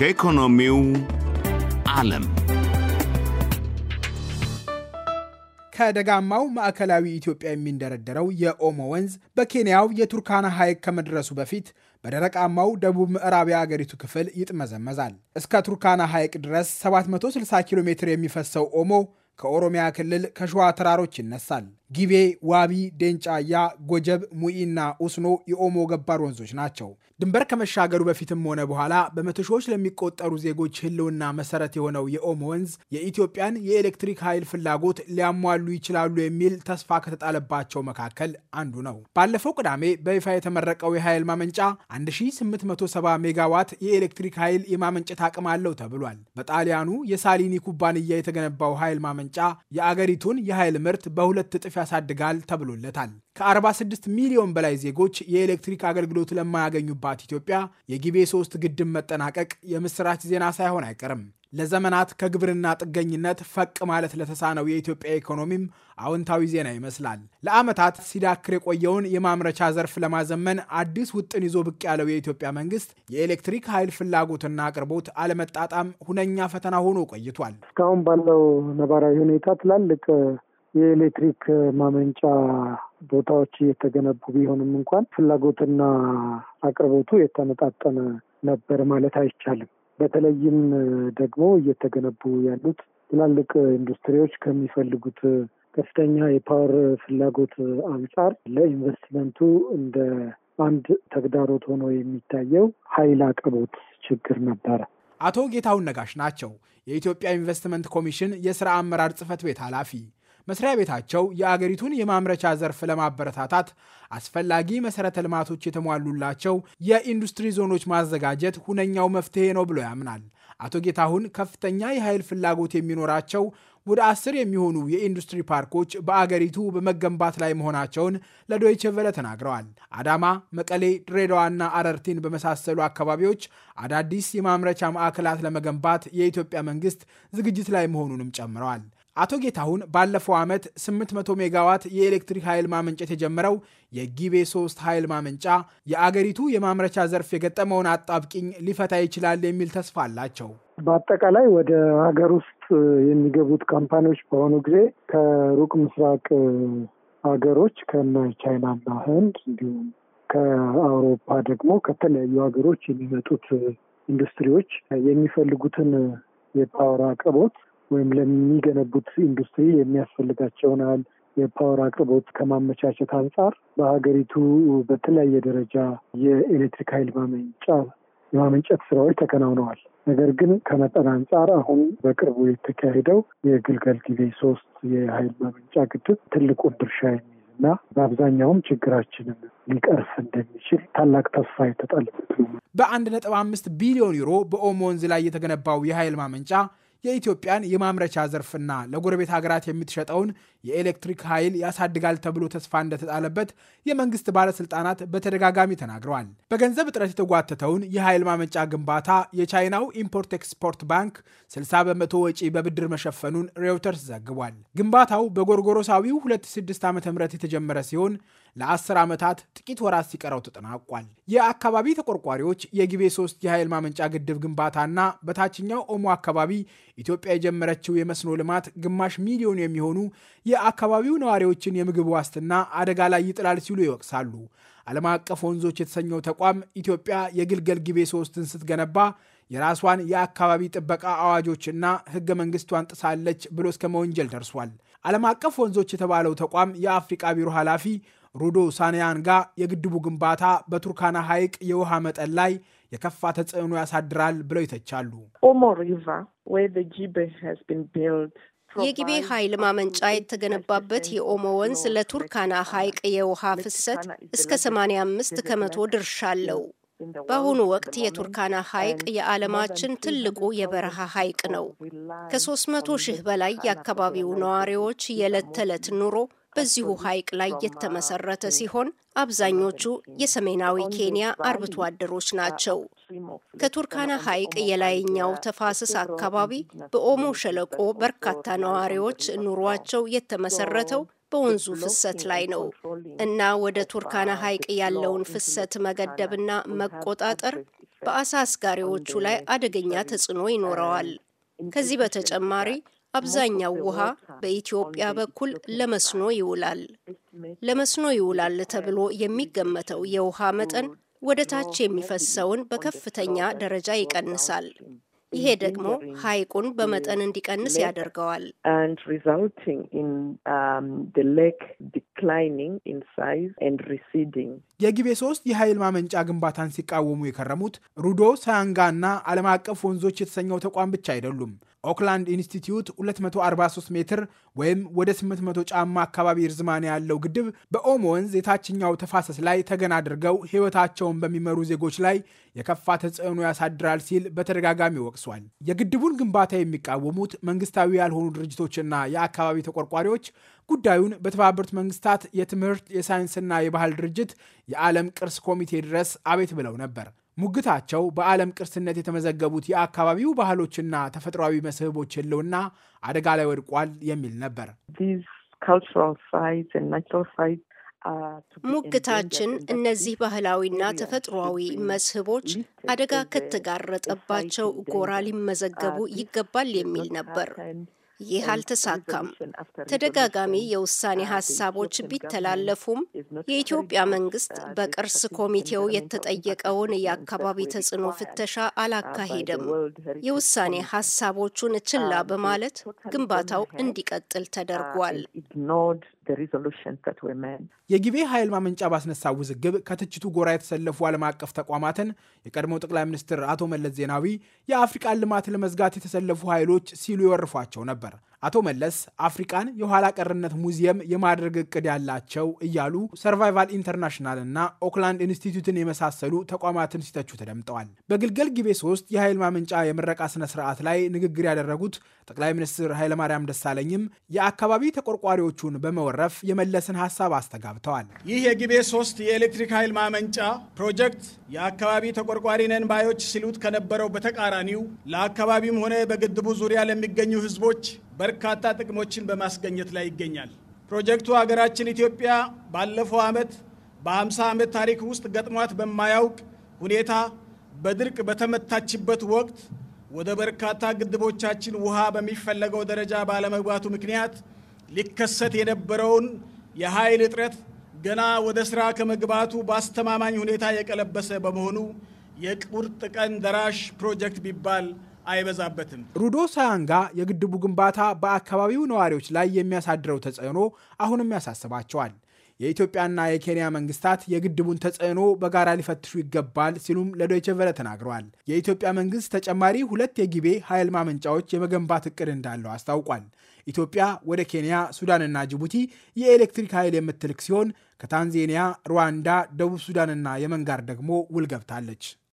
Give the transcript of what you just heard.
ከኢኮኖሚው ዓለም ከደጋማው ማዕከላዊ ኢትዮጵያ የሚንደረደረው የኦሞ ወንዝ በኬንያው የቱርካና ሐይቅ ከመድረሱ በፊት በደረቃማው ደቡብ ምዕራብ የአገሪቱ ክፍል ይጥመዘመዛል። እስከ ቱርካና ሐይቅ ድረስ 760 ኪሎ ሜትር የሚፈሰው ኦሞ ከኦሮሚያ ክልል ከሸዋ ተራሮች ይነሳል። ጊቤ፣ ዋቢ፣ ደንጫያ፣ ጎጀብ፣ ሙኢና ኡስኖ የኦሞ ገባር ወንዞች ናቸው። ድንበር ከመሻገሩ በፊትም ሆነ በኋላ በመቶ ሺዎች ለሚቆጠሩ ዜጎች ሕልውና መሰረት የሆነው የኦሞ ወንዝ የኢትዮጵያን የኤሌክትሪክ ኃይል ፍላጎት ሊያሟሉ ይችላሉ የሚል ተስፋ ከተጣለባቸው መካከል አንዱ ነው። ባለፈው ቅዳሜ በይፋ የተመረቀው የኃይል ማመንጫ 1870 ሜጋዋት የኤሌክትሪክ ኃይል የማመንጨት አቅም አለው ተብሏል። በጣሊያኑ የሳሊኒ ኩባንያ የተገነባው ኃይል ማመንጫ የአገሪቱን የኃይል ምርት በሁለት እጥፍ ያሳድጋል ተብሎለታል። ከ46 ሚሊዮን በላይ ዜጎች የኤሌክትሪክ አገልግሎት ለማያገኙባት ኢትዮጵያ የጊቤ ሶስት ግድብ መጠናቀቅ የምስራች ዜና ሳይሆን አይቀርም። ለዘመናት ከግብርና ጥገኝነት ፈቅ ማለት ለተሳነው የኢትዮጵያ ኢኮኖሚም አዎንታዊ ዜና ይመስላል። ለዓመታት ሲዳክር የቆየውን የማምረቻ ዘርፍ ለማዘመን አዲስ ውጥን ይዞ ብቅ ያለው የኢትዮጵያ መንግስት የኤሌክትሪክ ኃይል ፍላጎትና አቅርቦት አለመጣጣም ሁነኛ ፈተና ሆኖ ቆይቷል። እስካሁን ባለው ነባራዊ ሁኔታ ትላልቅ የኤሌክትሪክ ማመንጫ ቦታዎች እየተገነቡ ቢሆንም እንኳን ፍላጎትና አቅርቦቱ የተመጣጠነ ነበር ማለት አይቻልም። በተለይም ደግሞ እየተገነቡ ያሉት ትላልቅ ኢንዱስትሪዎች ከሚፈልጉት ከፍተኛ የፓወር ፍላጎት አንጻር ለኢንቨስትመንቱ እንደ አንድ ተግዳሮት ሆኖ የሚታየው ኃይል አቅርቦት ችግር ነበረ። አቶ ጌታሁን ነጋሽ ናቸው የኢትዮጵያ ኢንቨስትመንት ኮሚሽን የስራ አመራር ጽህፈት ቤት ኃላፊ። መስሪያ ቤታቸው የአገሪቱን የማምረቻ ዘርፍ ለማበረታታት አስፈላጊ መሰረተ ልማቶች የተሟሉላቸው የኢንዱስትሪ ዞኖች ማዘጋጀት ሁነኛው መፍትሄ ነው ብሎ ያምናል። አቶ ጌታሁን ከፍተኛ የኃይል ፍላጎት የሚኖራቸው ወደ አስር የሚሆኑ የኢንዱስትሪ ፓርኮች በአገሪቱ በመገንባት ላይ መሆናቸውን ለዶይቼ ተናግረዋል። አዳማ፣ መቀሌ፣ ድሬዳዋና አረርቲን በመሳሰሉ አካባቢዎች አዳዲስ የማምረቻ ማዕከላት ለመገንባት የኢትዮጵያ መንግስት ዝግጅት ላይ መሆኑንም ጨምረዋል። አቶ ጌታሁን ባለፈው ዓመት 800 ሜጋዋት የኤሌክትሪክ ኃይል ማመንጨት የጀመረው የጊቤ 3 ኃይል ማመንጫ የአገሪቱ የማምረቻ ዘርፍ የገጠመውን አጣብቂኝ ሊፈታ ይችላል የሚል ተስፋ አላቸው። በአጠቃላይ ወደ ሀገር ውስጥ የሚገቡት ካምፓኒዎች በሆኑ ጊዜ ከሩቅ ምስራቅ ሀገሮች ከነ ቻይናና ህንድ እንዲሁም ከአውሮፓ ደግሞ ከተለያዩ ሀገሮች የሚመጡት ኢንዱስትሪዎች የሚፈልጉትን የፓወር አቅርቦት ወይም ለሚገነቡት ኢንዱስትሪ የሚያስፈልጋቸውን ያህል የፓወር አቅርቦት ከማመቻቸት አንጻር በሀገሪቱ በተለያየ ደረጃ የኤሌክትሪክ ኃይል ማመንጫ የማመንጨት ስራዎች ተከናውነዋል። ነገር ግን ከመጠን አንጻር አሁን በቅርቡ የተካሄደው የግልገል ጊቤ ሶስት የኃይል ማመንጫ ግድብ ትልቁን ድርሻ የሚይዝ እና በአብዛኛውም ችግራችንን ሊቀርፍ እንደሚችል ታላቅ ተስፋ የተጣለበት ነው። በአንድ ነጥብ አምስት ቢሊዮን ዩሮ በኦሞ ወንዝ ላይ የተገነባው የኃይል ማመንጫ የኢትዮጵያን የማምረቻ ዘርፍና ለጎረቤት ሀገራት የምትሸጠውን የኤሌክትሪክ ኃይል ያሳድጋል ተብሎ ተስፋ እንደተጣለበት የመንግስት ባለስልጣናት በተደጋጋሚ ተናግረዋል። በገንዘብ እጥረት የተጓተተውን የኃይል ማመንጫ ግንባታ የቻይናው ኢምፖርት ኤክስፖርት ባንክ 60 በመቶ ወጪ በብድር መሸፈኑን ሬውተርስ ዘግቧል። ግንባታው በጎርጎሮሳዊው 26 ዓ ም የተጀመረ ሲሆን ለአስር ዓመታት ጥቂት ወራት ሲቀረው ተጠናቋል። የአካባቢ ተቆርቋሪዎች የጊቤ ሶስት የኃይል ማመንጫ ግድብ ግንባታና በታችኛው ኦሞ አካባቢ ኢትዮጵያ የጀመረችው የመስኖ ልማት ግማሽ ሚሊዮን የሚሆኑ የአካባቢው ነዋሪዎችን የምግብ ዋስትና አደጋ ላይ ይጥላል ሲሉ ይወቅሳሉ። ዓለም አቀፍ ወንዞች የተሰኘው ተቋም ኢትዮጵያ የግልገል ጊቤ ሶስትን ስትገነባ የራሷን የአካባቢ ጥበቃ አዋጆችና ህገ መንግስቷን ጥሳለች ብሎ እስከ መወንጀል ደርሷል። ዓለም አቀፍ ወንዞች የተባለው ተቋም የአፍሪቃ ቢሮ ኃላፊ ሩዶ ሳንያንጋ የግድቡ ግንባታ በቱርካና ሐይቅ የውሃ መጠን ላይ የከፋ ተጽዕኖ ያሳድራል ብለው ይተቻሉ። የጊቤ ኃይል ማመንጫ የተገነባበት የኦሞ ወንዝ ለቱርካና ሐይቅ የውሃ ፍሰት እስከ 85 ከመቶ ድርሻ አለው። በአሁኑ ወቅት የቱርካና ሐይቅ የዓለማችን ትልቁ የበረሃ ሐይቅ ነው። ከ300 ሺህ በላይ የአካባቢው ነዋሪዎች የዕለት ተዕለት ኑሮ በዚሁ ሐይቅ ላይ የተመሰረተ ሲሆን አብዛኞቹ የሰሜናዊ ኬንያ አርብቶ አደሮች ናቸው። ከቱርካና ሐይቅ የላይኛው ተፋሰስ አካባቢ በኦሞ ሸለቆ በርካታ ነዋሪዎች ኑሯቸው የተመሰረተው በወንዙ ፍሰት ላይ ነው እና ወደ ቱርካና ሐይቅ ያለውን ፍሰት መገደብና መቆጣጠር በአሳ አስጋሪዎቹ ላይ አደገኛ ተጽዕኖ ይኖረዋል። ከዚህ በተጨማሪ አብዛኛው ውሃ በኢትዮጵያ በኩል ለመስኖ ይውላል። ለመስኖ ይውላል ተብሎ የሚገመተው የውሃ መጠን ወደ ታች የሚፈሰውን በከፍተኛ ደረጃ ይቀንሳል። ይሄ ደግሞ ሐይቁን በመጠን እንዲቀንስ ያደርገዋል። um, የጊቤ ሶስት የኃይል ማመንጫ ግንባታን ሲቃወሙ የከረሙት ሩዶ ሳያንጋ እና ዓለም አቀፍ ወንዞች የተሰኘው ተቋም ብቻ አይደሉም። ኦክላንድ ኢንስቲትዩት 243 ሜትር ወይም ወደ 800 ጫማ አካባቢ ርዝማኔ ያለው ግድብ በኦሞ ወንዝ የታችኛው ተፋሰስ ላይ ተገን አድርገው ሕይወታቸውን በሚመሩ ዜጎች ላይ የከፋ ተጽዕኖ ያሳድራል ሲል በተደጋጋሚ ወቅሷል። የግድቡን ግንባታ የሚቃወሙት መንግስታዊ ያልሆኑ ድርጅቶችና የአካባቢ ተቆርቋሪዎች ጉዳዩን በተባበሩት መንግስታት የትምህርት የሳይንስና የባህል ድርጅት የዓለም ቅርስ ኮሚቴ ድረስ አቤት ብለው ነበር። ሙግታቸው በዓለም ቅርስነት የተመዘገቡት የአካባቢው ባህሎችና ተፈጥሯዊ መስህቦች ሕልውና አደጋ ላይ ወድቋል የሚል ነበር። ሙግታችን እነዚህ ባህላዊና ተፈጥሯዊ መስህቦች አደጋ uh, ከተጋረጠባቸው ጎራ ሊመዘገቡ uh, ይገባል የሚል ነበር። ይህ አልተሳካም። ተደጋጋሚ የውሳኔ ሀሳቦች ቢተላለፉም የኢትዮጵያ መንግስት uh, በቅርስ ኮሚቴው የተጠየቀውን የአካባቢ ተጽዕኖ ፍተሻ uh, አላካሄደም። የውሳኔ ሀሳቦቹን ችላ uh, በማለት ግንባታው እንዲቀጥል ተደርጓል። የጊቤ ኃይል ማመንጫ ባስነሳ ውዝግብ ከትችቱ ጎራ የተሰለፉ ዓለም አቀፍ ተቋማትን የቀድሞው ጠቅላይ ሚኒስትር አቶ መለስ ዜናዊ የአፍሪቃን ልማት ለመዝጋት የተሰለፉ ኃይሎች ሲሉ ይወርፏቸው ነበር። አቶ መለስ አፍሪቃን የኋላ ቀርነት ሙዚየም የማድረግ እቅድ ያላቸው እያሉ ሰርቫይቫል ኢንተርናሽናል እና ኦክላንድ ኢንስቲትዩትን የመሳሰሉ ተቋማትን ሲተቹ ተደምጠዋል። በግልገል ጊቤ ሶስት የኃይል ማመንጫ የምረቃ ስነ ስርዓት ላይ ንግግር ያደረጉት ጠቅላይ ሚኒስትር ኃይለማርያም ደሳለኝም የአካባቢ ተቆርቋሪዎቹን በመወረፍ የመለስን ሀሳብ አስተጋብተዋል። ይህ የጊቤ ሶስት የኤሌክትሪክ ኃይል ማመንጫ ፕሮጀክት የአካባቢ ተቆርቋሪ ነን ባዮች ሲሉት ከነበረው በተቃራኒው ለአካባቢም ሆነ በግድቡ ዙሪያ ለሚገኙ ህዝቦች በርካታ ጥቅሞችን በማስገኘት ላይ ይገኛል። ፕሮጀክቱ ሀገራችን ኢትዮጵያ ባለፈው ዓመት በ50 ዓመት ታሪክ ውስጥ ገጥሟት በማያውቅ ሁኔታ በድርቅ በተመታችበት ወቅት ወደ በርካታ ግድቦቻችን ውሃ በሚፈለገው ደረጃ ባለመግባቱ ምክንያት ሊከሰት የነበረውን የኃይል እጥረት ገና ወደ ስራ ከመግባቱ በአስተማማኝ ሁኔታ የቀለበሰ በመሆኑ የቁርጥ ቀን ደራሽ ፕሮጀክት ቢባል አይበዛበትም። ሩዶ ሳያንጋ የግድቡ ግንባታ በአካባቢው ነዋሪዎች ላይ የሚያሳድረው ተጽዕኖ አሁንም ያሳስባቸዋል። የኢትዮጵያና የኬንያ መንግስታት የግድቡን ተጽዕኖ በጋራ ሊፈትሹ ይገባል ሲሉም ለዶይቼ ቨለ ተናግረዋል። የኢትዮጵያ መንግስት ተጨማሪ ሁለት የጊቤ ኃይል ማመንጫዎች የመገንባት እቅድ እንዳለው አስታውቋል። ኢትዮጵያ ወደ ኬንያ፣ ሱዳንና ጅቡቲ የኤሌክትሪክ ኃይል የምትልክ ሲሆን ከታንዜኒያ፣ ሩዋንዳ፣ ደቡብ ሱዳንና የመን ጋር ደግሞ ውል ገብታለች።